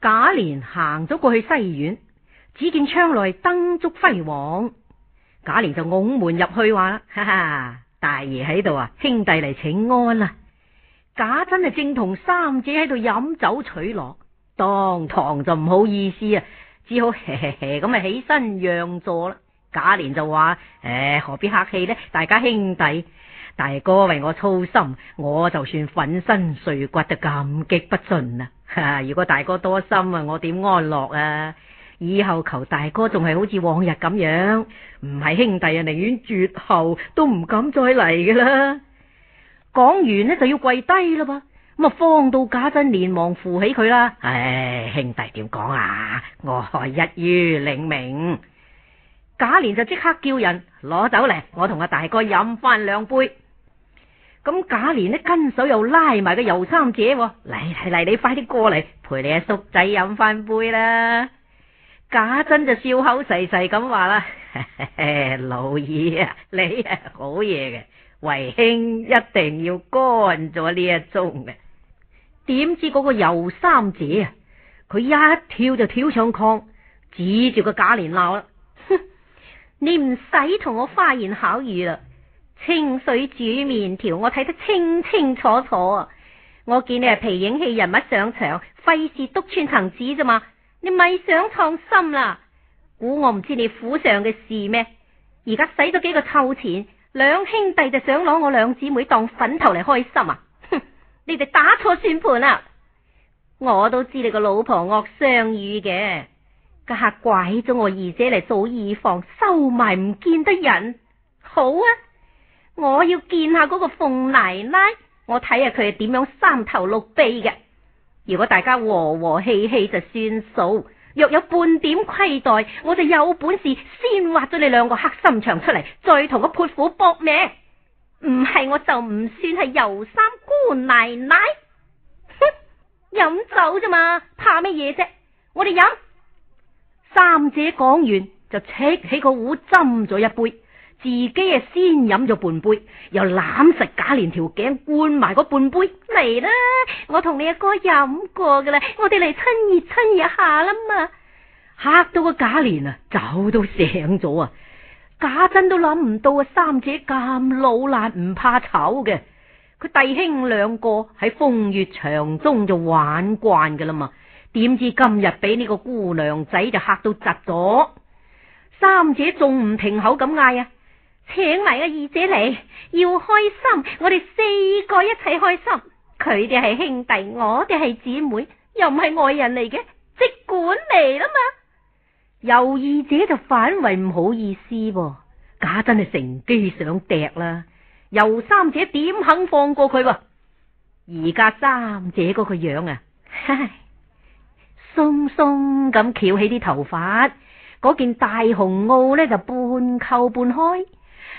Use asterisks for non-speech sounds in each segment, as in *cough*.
賈璉行咗過去西院，只見窗內燈燭輝煌，賈璉就推門入去，話啦：哈哈，大爺喺度啊，兄弟嚟請安啦，啊。賈珍係正同三姐喺度飲酒取樂，當堂就唔好意思啊，只好嘿嘿嘿咁啊起身讓座啦。賈璉就話：誒、欸，何必客氣呢，大家兄弟。大哥為我操心，我就算粉身碎骨都感激不盡啦！ *laughs* 如果大哥多心啊，我點安樂啊？以後求大哥仲係好似往日咁樣，唔係兄弟啊，寧願絕後都唔敢再嚟噶啦！講完呢就要跪低啦噃，咁啊，方到賈珍連忙扶起佢啦。唉、哎，兄弟點講啊？我一於領命。賈璉就即刻叫人攞酒嚟，我同阿大哥飲翻兩杯。咁賈蓮咧跟手又拉埋個尤三姐，哦，嚟嚟嚟，你快啲過嚟陪你阿叔仔飲翻杯啦！賈珍就笑口細細咁話啦： *laughs* 老二啊，你係、啊、 *laughs* 好嘢嘅，為兄一定要乾咗呢一盅嘅。點知嗰個尤三姐啊，佢一跳就跳上炕，指住個賈蓮鬧啦：哼，你唔使同我花言巧語啦！清水煮麵條，我睇得清清楚楚啊！我見你係皮影戲人物上場，費事督穿層紙咋嘛？你咪想創心啦？估我唔知你府上嘅事咩？而家使咗幾個臭錢，兩兄弟就想攞我兩姊妹當粉頭嚟開心啊！哼！你哋打錯算盤啦！我都知你個老婆惡相與嘅，家下拐咗我二姐嚟做二房，收埋唔見得人。好啊！我要見下嗰個鳳奶奶，我睇下佢係點樣三頭六臂嘅。如果大家和和氣氣就算數，若有半點虧待，我就有本事先挖咗你兩個黑心腸出嚟，再同個潑婦搏命。唔係我就唔算係尤三姑奶奶。哼，飲酒啫嘛，怕乜嘢啫？我哋飲。三姐講完就赤起起個壺斟咗一杯。自己啊，先飲咗半杯，又攬實賈璉條頸灌埋嗰半杯嚟啦！我同你阿哥飲過噶啦，我哋嚟親熱親熱一下啦嘛！嚇到個賈璉啊，酒都醒咗啊！賈珍都諗唔到啊，三姐咁老辣唔怕醜嘅，佢弟兄兩個喺風月場中就玩慣噶啦嘛，點知今日俾呢個姑娘仔就嚇到窒咗。三姐仲唔停口咁嗌啊！請埋個二姐嚟，要開心，我哋四個一齊開心。佢哋係兄弟，我哋係姊妹，又唔係外人嚟嘅，即管嚟啦嘛。尤二姐就反為唔好意思，啊，假真係乘機想趯啦。尤三姐點肯放過佢，啊？而家三姐嗰個樣啊，松鬆咁翹起啲頭髮，嗰件大紅袄咧就半扣半開。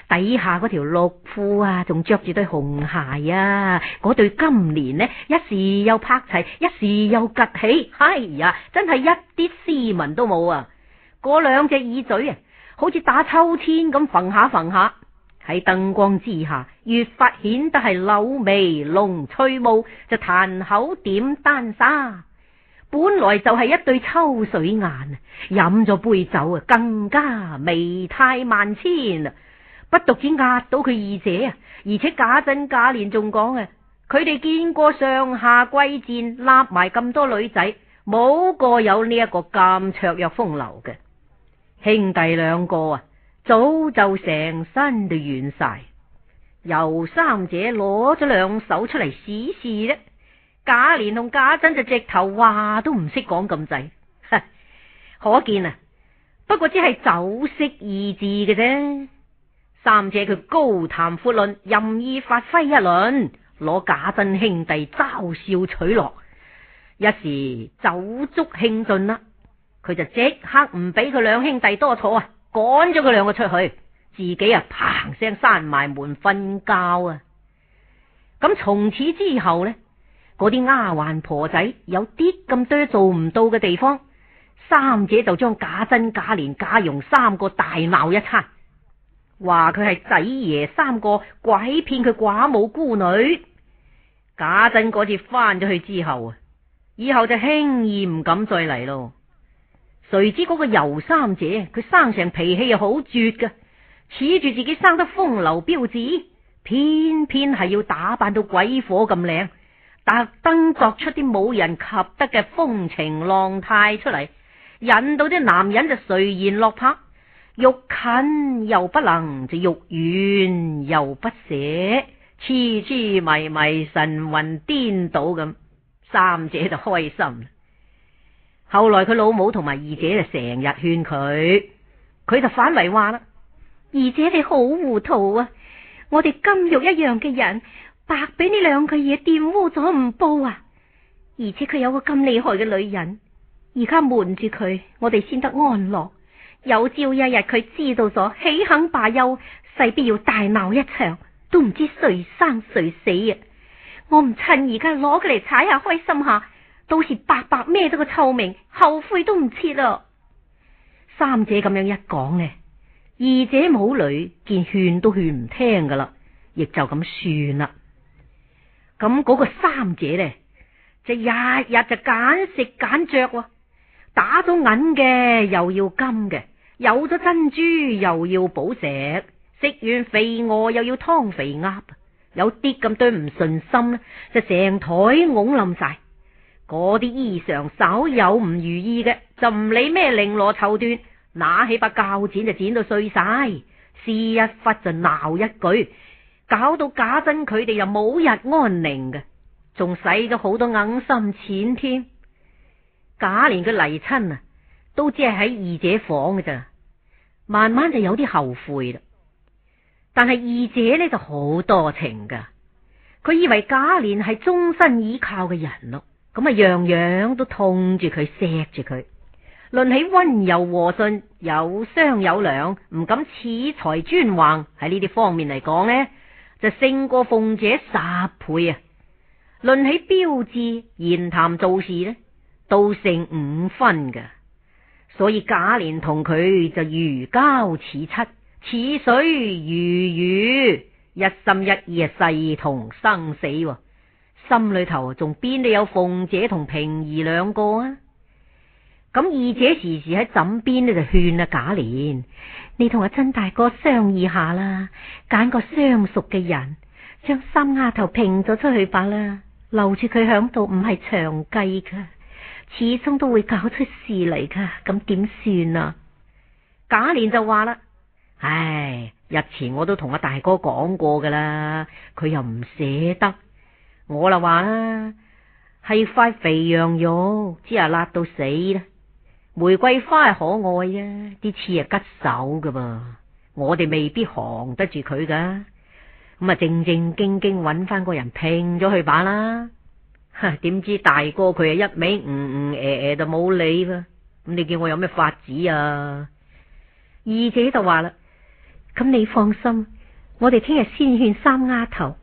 底下嗰條綠褲啊，仲着住對紅鞋啊，嗰對金蓮呢，一時又拍齊，一時又夾起，哎呀，真係一啲斯文都冇啊！嗰兩隻耳嘴啊，好似打秋千咁揈下揈下，喺燈光之下越發顯得係柳眉籠翠霧，就檀口點丹砂。本來就係一對秋水眼，飲咗杯酒啊，更加媚態萬千。不獨止壓到佢二姐啊，而且賈珍賈璉仲講啊，佢哋見過上下貴賤納埋咁多女仔，冇個有呢一個咁綽約風流嘅，兄弟兩個啊，早就成身都軟晒。由三姐攞咗兩手出嚟，試試啫。賈璉同賈珍就直頭話都唔識講咁滯，可見啊，不過只係酒色二字嘅啫。三姐佢高談闊論，任意發揮一輪，攞賈珍兄弟嘲笑取樂，一時酒足興盡啦，佢就即刻唔俾佢兩兄弟多坐啊，趕咗佢兩個出去，自己啊嘭聲閂埋門瞓覺啊。咁從此之後呢，嗰啲丫鬟婆仔有啲咁多做唔到嘅地方，三姐就將賈珍、賈璉、賈蓉三個大鬧一餐。話佢係仔爺三個鬼騙佢寡母孤女。假陣嗰次翻咗去之後啊，以後就輕易唔敢再嚟咯。誰知嗰個尤三姐，佢生成脾氣又好絕噶，恃住自己生得風流標緻，偏偏係要打扮到鬼火咁靚，特登作出啲冇人及得嘅風情浪態出嚟，引到啲男人就垂涎落魄。欲近又不能，就欲遠又不捨，痴痴迷迷，神魂顛倒咁。三姐就開心啦。後來佢老母同埋二姐就成日勸佢，佢就反為話啦：二姐你好糊塗啊！我哋金玉一樣嘅人，白俾呢兩句嘢玷污咗唔報啊！而且佢有個咁厲害嘅女人，而家瞞住佢，我哋先得安樂。有朝一日佢知道咗，豈肯罷休？勢必要大鬧一場，都唔知誰生誰死啊！我唔趁而家攞佢嚟踩下開心下，到時白白孭咗個臭名，後悔都唔切咯。三姐咁樣一講呢，二姐母女見勸都勸唔聽噶啦，亦就咁算啦。咁嗰個三姐咧，就日日就揀食揀着，打咗銀嘅又要金嘅。有咗珍珠又要補石，食完肥鵝又要劏肥鴨，有啲咁多唔順心咧，就成台拱冧晒。嗰啲衣裳稍有唔如意嘅，就唔理咩綾羅綢緞，攞起把鉸剪就剪到碎晒，撕一忽就鬧一句，搞到假真佢哋又冇日安寧嘅，仲使咗好多硬心錢添。假年嘅嚟親啊！都只係喺二姐房嘅咋，慢慢就有啲後悔啦。但係二姐呢就好多情噶，佢以為賈璉係終身倚靠嘅人咯，咁咪樣樣都痛住佢錫住佢。論起溫柔和順，有商有量，唔敢恃才專橫，喺呢啲方面嚟講呢，就勝過鳳姐十倍啊！論起標致、言談、做事呢，都勝五分噶所以賈璉同佢就如膠似漆，似水如魚，一心一意啊，誓同生死。心裏頭仲邊度有鳳姐同平兒兩個啊？咁二姐時時喺枕邊呢就勸啊賈璉，你同阿珍大哥商議下啦，揀個相熟嘅人，將三丫頭聘咗出去吧啦，留住佢響度唔係長計噶。始終都會搞出事嚟噶，咁點算啊？賈璉就話啦：唉，日前我都同阿大哥講過噶啦，佢又唔捨得。我就話啦，係塊肥羊肉，只係辣到死啦。玫瑰花係可愛啊，啲刺係吉手噶噃，我哋未必扛得住佢噶。咁啊，正正經經揾翻個人拼咗去把啦。點知、啊、大哥佢又一味唔唔誒誒，就冇理噃。咁你叫我有咩法子啊？二姐就話啦：咁你放心，我哋聽日先勸三丫頭，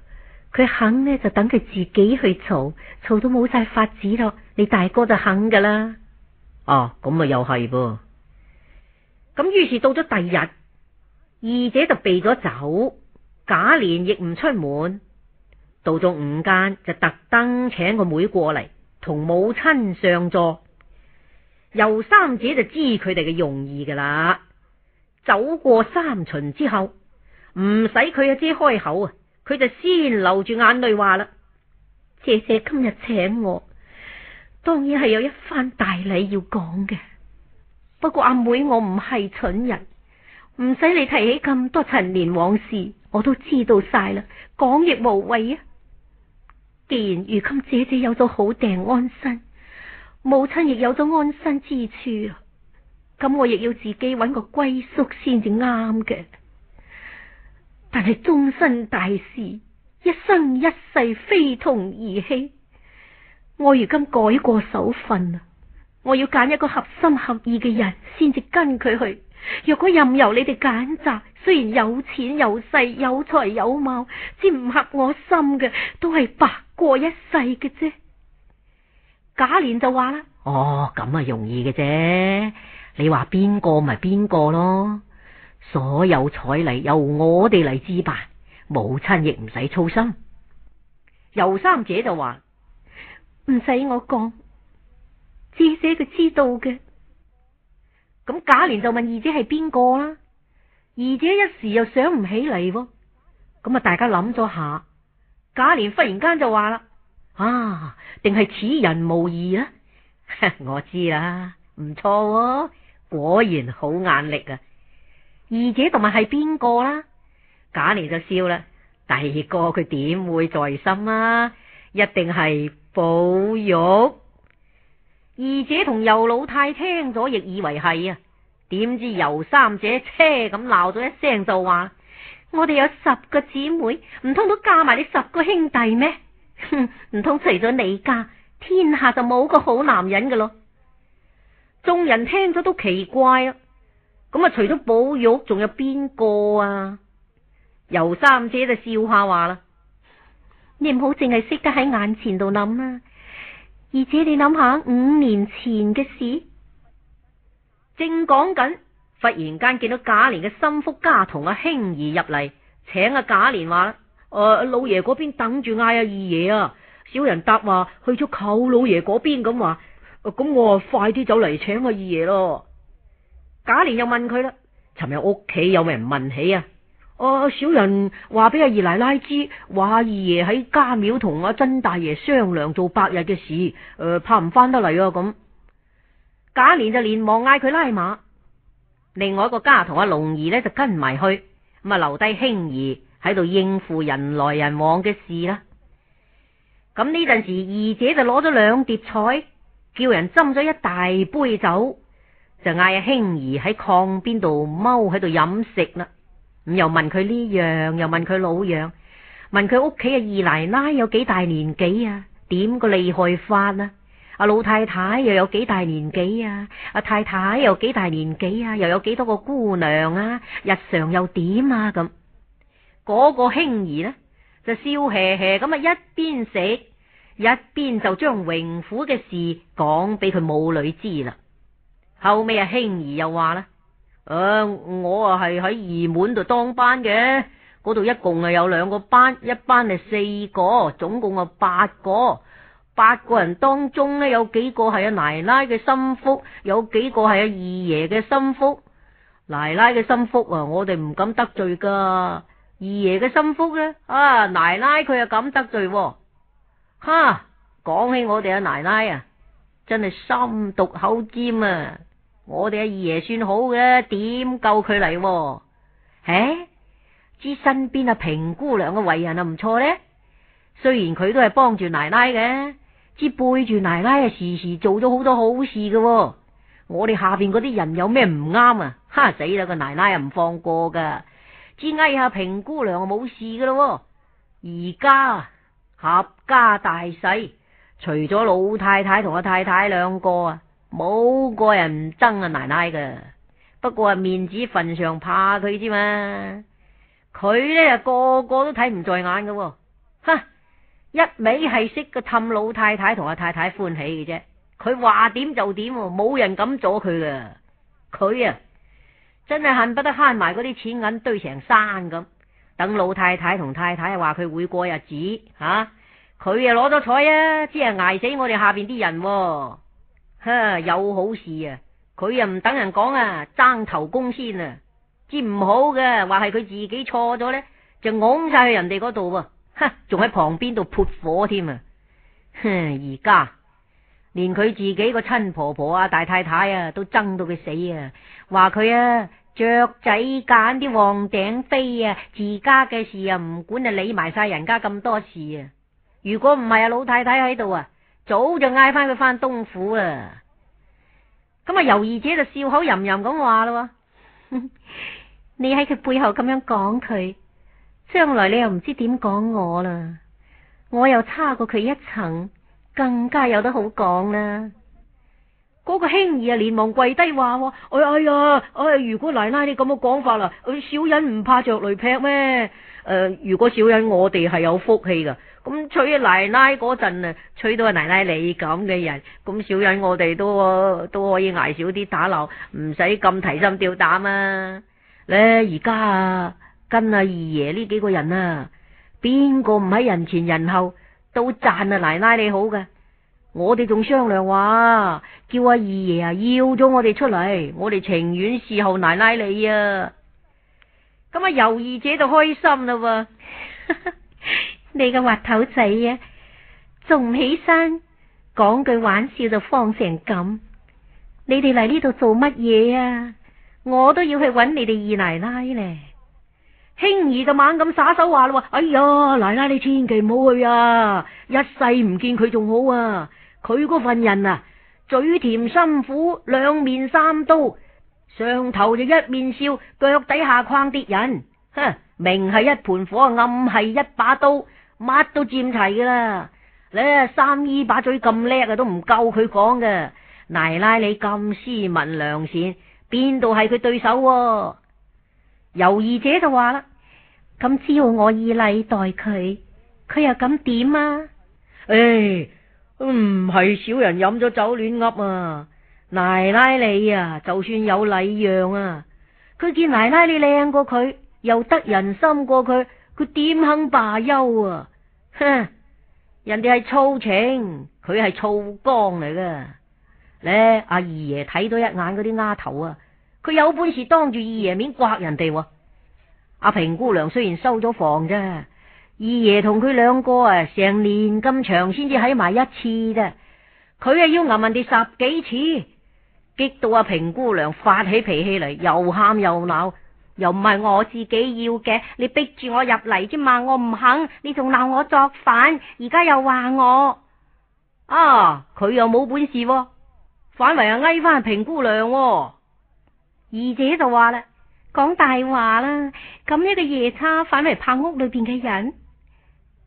佢肯呢，就等佢自己去嘈，嘈到冇晒法子咯。你大哥就肯噶啦。哦、啊，咁又係噃。咁於是到咗第日，二姐就避咗走，賈璉亦唔出門。到咗午間，就特登請個妹，妹過嚟同母親上座。尤三姐就知佢哋嘅用意噶啦。走過三巡之後，唔使佢阿姐開口啊，佢就先流住眼淚話啦：姐姐今日請我，當然係有一番大禮要講嘅。不過阿妹，我唔係蠢人，唔使你提起咁多陳年往事，我都知道晒啦，講亦無謂啊。既然如今姐姐有咗好定安身，母親亦有咗安身之處，啊，咁我亦要自己揾個歸宿先至啱嘅。但係終身大事，一生一世非同兒戲。我如今改過手份，我要揀一個合心合意嘅人，先至跟佢去。若果任由你哋揀擇，雖然有錢有勢有才有貌，至唔合我心嘅，都係白過一世嘅啫。賈璉就話啦：哦，咁啊容易嘅啫，你話邊個咪邊個咯。所有彩禮由我哋嚟置辦，母親亦唔使操心。尤三姐就話：唔使我講，姐姐佢知道嘅。咁賈璉就問二姐係邊個啦，二姐一時又想唔起嚟、哦，咁啊大家諗咗下，賈璉忽然間就話啦，啊，定係此人無疑啦、啊， *laughs* 我知啦，唔錯，果然好眼力啊，二姐同埋係邊個啦，賈璉就笑啦，大哥佢點會在心啊，一定係寶玉。二姐同尤老太聽咗亦以為係啊，點知尤三姐車咁鬧咗一聲就話：我哋有十個姊妹，唔通都嫁埋你十個兄弟咩？唔 *laughs* 通除咗你家，天下就冇個好男人噶咯？眾人聽咗都奇怪、嗯、啊！咁啊，除咗寶玉，仲有邊個啊？尤三姐就笑下話啦：你唔好淨係識得喺眼前度諗啊。」而且你諗下五年前嘅事，正講緊，忽然間見到賈璉嘅心腹家僮阿興兒入嚟，請阿賈璉話：，誒、呃、老爺嗰邊等住嗌阿二爺啊。小人答話去咗舅老爺嗰邊，咁、呃、話，咁我啊快啲走嚟請阿二爺咯。賈璉又問佢啦：，尋日屋企有冇人問起啊？哦，小人話俾阿二奶奶知，話二爺喺家廟同阿曾大爺商量做百日嘅事，誒、呃，怕唔翻得嚟啊。咁。賈璉就連忙嗌佢拉馬，另外一個家童阿龍兒呢就跟埋去，咁留低輕兒喺度應付人來人往嘅事啦。咁呢陣時，二姐就攞咗兩碟菜，叫人斟咗一大杯酒，就嗌輕兒喺炕邊度踎喺度飲食啦。咁又問佢呢樣，又問佢老樣，問佢屋企嘅二奶奶有幾大年紀啊？點個厲害法啊？阿老太太又有幾大年紀啊？阿太太又幾大年紀啊？又有幾多個姑娘啊？日常又點啊？咁嗰、那個興兒呢，就笑嘻嘻咁啊，一邊食一邊就將榮府嘅事講俾佢母女知啦。後尾啊，興兒又話啦。誒、呃，我啊係喺二門度當班嘅，嗰度一共啊有兩個班，一班係四個，總共啊八個，八個人當中呢，有幾個係阿奶奶嘅心腹，有幾個係阿二爺嘅心腹。奶奶嘅心腹啊，我哋唔敢得罪噶。二爺嘅心腹呢、啊，啊奶奶佢又敢得罪、啊。哈，講起我哋阿奶奶啊，真係心毒口尖啊！我哋阿二爺算好嘅，點救佢嚟？唉、欸，知身邊阿平姑娘嘅為人啊唔錯呢。雖然佢都係幫住奶奶嘅，知背住奶奶時時做咗好多好事嘅、啊。我哋下邊嗰啲人有咩唔啱啊？嚇死啦！個奶奶又唔放過噶，知嗌下平姑娘冇事噶咯。而家合家大細，除咗老太太同阿太太兩個啊。冇個人唔憎啊，奶奶噶。不過啊，面子份上怕佢啫嘛，佢咧又個個都睇唔在眼噶。哈，一味係識個氹老太太同阿太太歡喜嘅啫。佢話點就點，冇人敢阻佢噶。佢啊，真係恨不得慳埋嗰啲錢銀堆成山咁，等老太太同太太話佢會過日子。吓，佢啊攞咗彩啊，只係捱死我哋下邊啲人，啊。呵，有好事啊！佢又唔等人講啊，爭頭功先啊！知唔好嘅話係佢自己錯咗咧，就拱晒去人哋嗰度喎。哈！仲喺旁邊度撥火添啊！哼，而家連佢自己個親婆婆啊、大太太啊，都憎到佢死啊！話佢啊，雀仔揀啲旺頂飛啊，自家嘅事啊唔管啊，理埋晒人家咁多事啊！如果唔係啊，老太太喺度啊！早就嗌翻佢翻東府啊！咁啊，尤二姐就笑口吟吟咁話咯： *laughs* 你喺佢背後咁樣講佢，將來你又唔知點講我啦。我又差過佢一層，更加有得好講啦。嗰，那個興兒啊，連忙跪低話：哎哎呀，哎呀，如果奶奶你咁嘅講法啦，小人唔怕着雷劈咩？誒、呃，如果小人我哋係有福氣噶。咁娶奶奶嗰陣啊，娶到阿奶奶你咁嘅人，咁少人我哋都都可以挨少啲打鬧，唔使咁提心吊膽啊！咧而家啊，跟阿二爺呢幾個人啊，邊個唔喺人前人後都讚阿奶奶你好嘅？我哋仲商量話，叫阿二爺啊，要咗我哋出嚟，我哋情願侍候奶奶你啊！咁啊，尤二姐就開心啦。 *laughs* 你個滑頭仔啊，仲唔起身，講句玩笑就放成咁。你哋嚟呢度做乜嘢啊？我都要去揾你哋二奶奶咧。興兒就猛咁耍手話啦：哎呀，奶奶你千祈唔好去啊！一世唔見佢仲好啊，佢嗰份人啊，嘴甜心苦，兩面三刀，上頭就一面笑，腳底下框跌人，哼，明係一盤火，暗係一把刀。乜都佔齊噶啦！你啊，三姨把嘴咁叻啊，都唔夠佢講嘅。奶奶你咁斯文良善，邊度係佢對手，啊？尤二姐就話啦：咁只要我以禮待佢，佢又敢點啊？唉、哎，唔係小人飲咗酒亂噏啊！奶奶你啊，就算有禮讓啊，佢見奶奶你靚過佢，又得人心過佢。佢點肯罷休啊？哼！人哋係醋情，佢係醋缸嚟噶。咧，阿二爺睇咗一眼嗰啲丫頭啊，佢有本事當住二爺面刮人哋、啊。阿、啊、平姑娘雖然收咗房啫，二爺同佢兩個啊成年咁長先至喺埋一次啫，佢啊要問人哋十幾次，激到阿平姑娘發起脾氣嚟，又喊又鬧。又唔係我自己要嘅，你逼住我入嚟啫嘛，我唔肯，你仲鬧我作反，而家又話我，啊，佢又冇本事、啊，反為啊挨翻平姑娘、啊，二姐就話啦，講大話啦，咁一個夜叉反為怕屋裏邊嘅人，誒、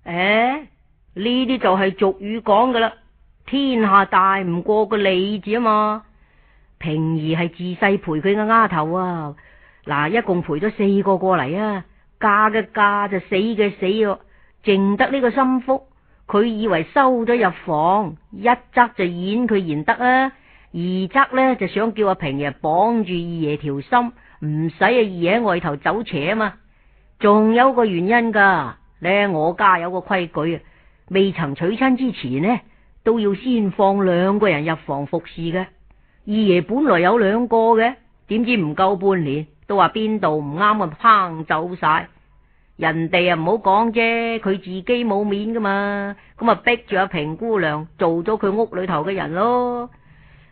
哎，呢啲就係俗語講噶啦，天下大唔過個理字啊嘛，平兒係自細陪佢嘅丫頭啊。嗱，一共陪咗四個過嚟啊，嫁嘅嫁就死嘅死哦，淨得呢個心腹。佢以為收咗入房，一則就演佢演得啊，二則呢，就想叫阿平爺綁住二爺條心，唔使阿二爺外頭走邪啊嘛。仲有個原因噶，咧我家有個規矩啊，未曾娶親之前呢，都要先放兩個人入房服侍嘅。二爺本來有兩個嘅，點知唔夠半年。都話邊度唔啱啊，烹走晒人哋啊，唔好講啫，佢自己冇面噶嘛，咁啊逼住阿平姑娘做咗佢屋裏頭嘅人咯。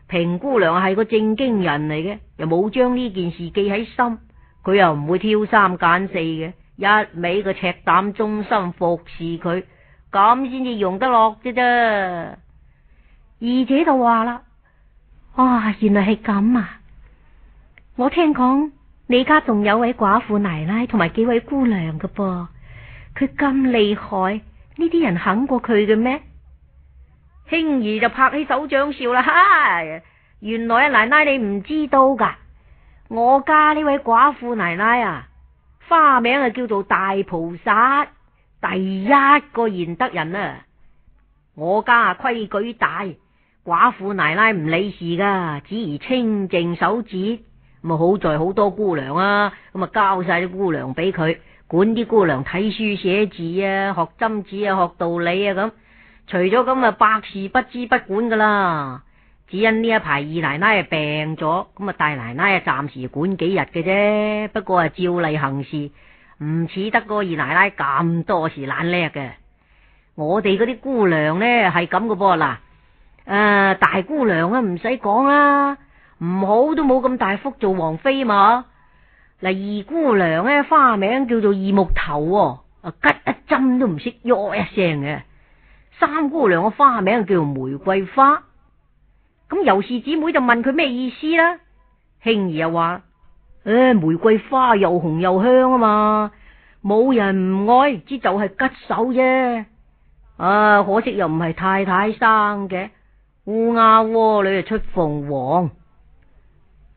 平姑娘係個正經人嚟嘅，又冇將呢件事記喺心，佢又唔會挑三揀四嘅，一味個赤膽忠心服侍佢，咁先至容得落嘅啫。二姐就話啦：，啊、哦，原來係咁啊！我聽講。你家仲有位寡婦奶奶同埋幾位姑娘噶噃？佢咁厲害，呢啲人肯過佢嘅咩？興兒就拍起手掌笑啦！原來啊，奶奶你唔知道噶，我家呢位寡婦奶奶啊，花名啊叫做大菩薩，第一個賢德人啊。我家啊規矩大，寡婦奶奶唔理事噶，只宜清靜守節。」咪好在好多姑娘啊，咁啊交晒啲姑娘俾佢，管啲姑娘睇書寫字啊，學針子啊，學道理啊咁。除咗咁啊，百事不知不管噶啦。只因呢一排二奶奶啊病咗，咁啊大奶奶啊暫時管幾日嘅啫。不過啊照例行事，唔似得個二奶奶咁多事懶叻嘅。我哋嗰啲姑娘呢係咁噶噃嗱，誒、呃、大姑娘啊唔使講啦。唔好都冇咁大福做王妃嘛？嗱，二姑娘咧花名叫做二木頭，啊吉一針都唔識喲一聲嘅。三姑娘個花名叫做玫瑰花，咁、嗯、尤氏姊妹就問佢咩意思啦。興兒又話：，誒、哎，玫瑰花又紅又香啊嘛，冇人唔愛，只就係吉手啫。啊，可惜又唔係太太生嘅烏鴉窩裏出鳳凰。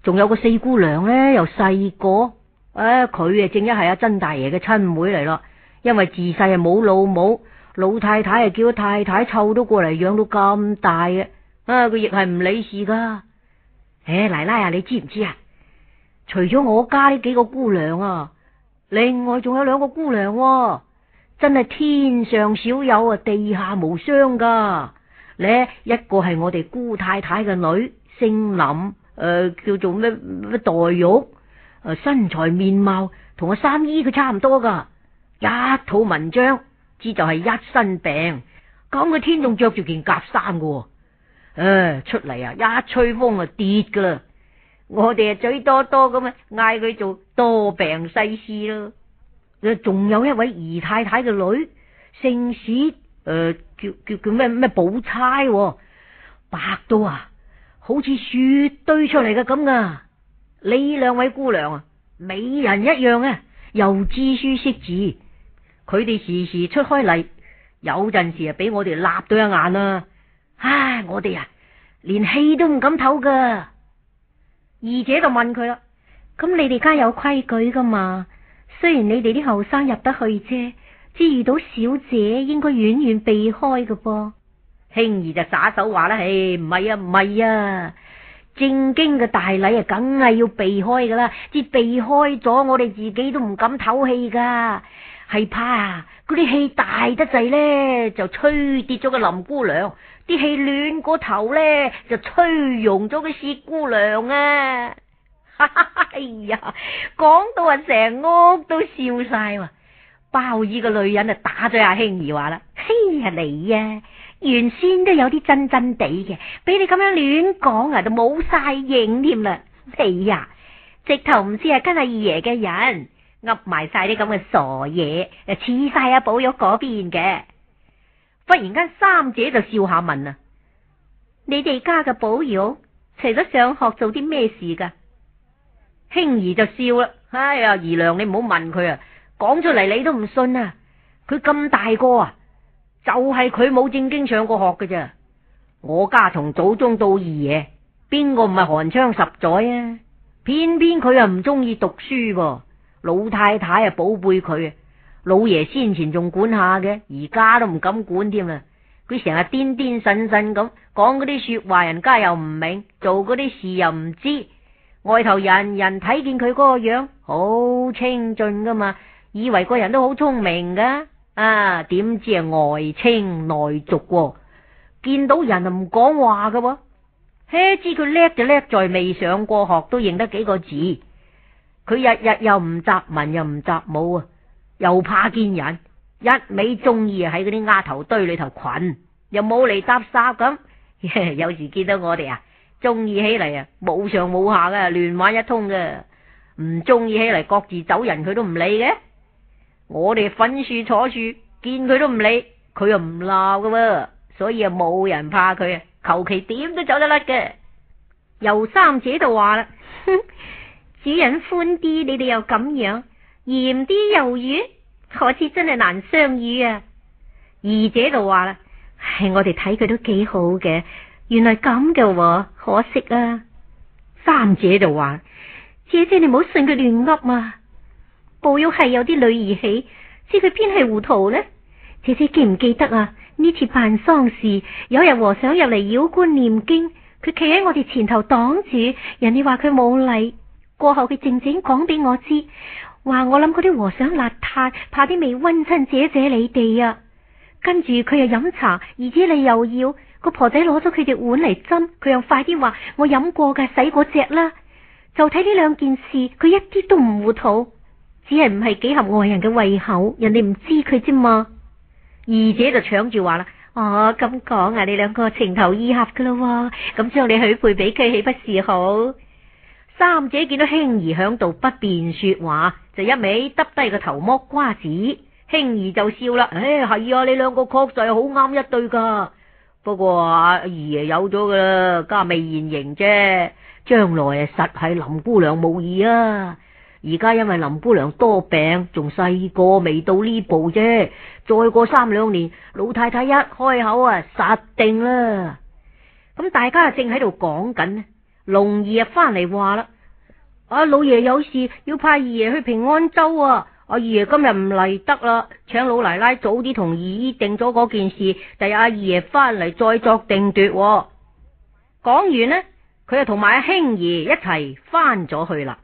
仲有個四姑娘咧，又細個，誒，佢啊正一係阿曾大爺嘅親妹嚟咯。因為自細啊冇老母，老太太啊叫咗太太湊到過嚟養到咁大嘅，啊，佢亦係唔理事噶。唉、欸，奶奶啊，你知唔知啊？除咗我家呢幾個姑娘啊，另外仲有兩個姑娘，真係天上少有啊，地下無雙噶。咧，一個係我哋姑太太嘅女，姓林。誒、呃，叫做咩咩黛玉，誒、呃、身材面貌同阿三姨佢差唔多噶，一套文章只就就係一身病，咁個天仲着住件夾衫噶，誒、呃、出嚟啊一、啊、吹風啊跌噶啦，我哋啊，嘴多多咁啊嗌佢做多病西施啦，仲、呃、有一位姨太太嘅女，姓史，誒、呃、叫叫叫咩咩寶釵，白到啊！好似雪堆出嚟嘅咁噶， *noise* 你兩位姑娘啊，美人一樣啊，又知書識字，佢哋時時出開嚟，有陣時啊，俾我哋立對一眼啊。唉，我哋啊，連氣都唔敢透噶。二姐就問佢啦：，咁你哋家有規矩噶嘛？雖然你哋啲後生入得去啫，至遇到小姐應該遠遠避開嘅噃。興兒就耍手話啦，嘿，唔係啊，唔係啊，正經嘅大禮啊，梗係要避開噶啦，至避開咗，我哋自己都唔敢透氣噶，係怕啊，嗰啲氣大得滯咧，就吹跌咗個林姑娘，啲氣暖過頭咧，就吹溶咗個薛姑娘啊， *laughs* 哎呀，講到啊，成屋都笑晒，鮑二個女人就打咗阿興兒話啦，嘿啊，你啊！原先都有啲真真地嘅，俾你咁樣亂講啊，就冇晒形添啦。係、哎、啊，直頭唔知係跟阿二爺嘅人，噏埋晒啲咁嘅傻嘢，又似晒阿寶玉嗰邊嘅。忽然間，三姐就笑下問啊，你哋家嘅寶玉，除咗上學做，做啲咩事噶？興兒就笑啦，哎呀，姨娘你唔好問佢啊，講出嚟你都唔信啊，佢咁大個啊！就係佢冇正經上過學嘅啫，我家從祖宗到二爺，邊個唔係寒窗十載啊？偏偏佢又唔中意讀書噃，老太太啊寶貝佢啊，老爺先前仲管下嘅，而家都唔敢管添啦。佢成日癲癲神神咁講嗰啲說話，人家又唔明，做嗰啲事又唔知，外頭人人睇見佢嗰個樣好清俊噶嘛，以為個人都好聰明噶。啊，點知係外清內濁喎，見到人啊唔講話嘅喎，嘿，知佢叻就叻在未上過學都認得幾個字，佢日日又唔習文又唔習武啊，又怕見人，一味中意喺嗰啲丫頭堆裏頭捆，又冇嚟搭訕咁， *laughs* 有時見到我哋啊，中意起嚟啊冇上冇下嘅，亂玩一通嘅，唔中意起嚟各自走人，佢都唔理嘅。我哋粉樹坐住，見佢都唔理，佢又唔鬧嘅，所以啊冇人怕佢啊，求其點都走得甩嘅。尤三姐就話啦，主人寬啲，你哋又咁樣嚴啲又遠，可知真係難相遇啊。二姐就話啦，唉，我哋睇佢都幾好嘅，原來咁嘅，可惜啊。三姐就話，姐姐你唔好信佢亂噏啊。寶玉係有啲女兒氣，知佢邊係糊塗呢？姐姐記唔記得啊？呢次辦喪事，有日和尚入嚟繞棺念經，佢企喺我哋前頭擋住，人哋話佢冇禮。過後佢靜靜講俾我知，話我諗嗰啲和尚邋遢，怕啲味瘟親姐、姐姐你哋啊。跟住佢又飲茶，而且你又要個婆仔攞咗佢隻碗嚟斟，佢又快啲話我飲過㗎，洗嗰隻啦。就睇呢兩件事，佢一啲都唔糊塗。只係唔係幾合外人嘅胃口，人哋唔知佢啫嘛。二姐就搶住話啦：，啊咁講啊，你兩個情投意合噶咯，咁將你許配俾佢豈不是好？三姐見到興兒響度不便說話，就一味耷低個頭剝瓜子。興兒就笑啦：，唉、哎，係啊，你兩個確實係好啱一對噶，不過、啊、二爺有咗噶啦，家未現形啫，將來啊實係林姑娘無疑啊。而家因為林姑娘多病，仲細個未到呢步啫。再過三兩年，老太太一開口啊，殺定啦。咁大家啊正喺度講緊呢，龍兒啊翻嚟話啦：「阿老爺有事要派二爺去平安州啊。」阿二爺今日唔嚟得啦，請老奶奶早啲同二姨定咗嗰件事，第日阿二爺翻嚟再作定奪啊。講完呢，佢就同埋阿興兒一齊翻咗去啦。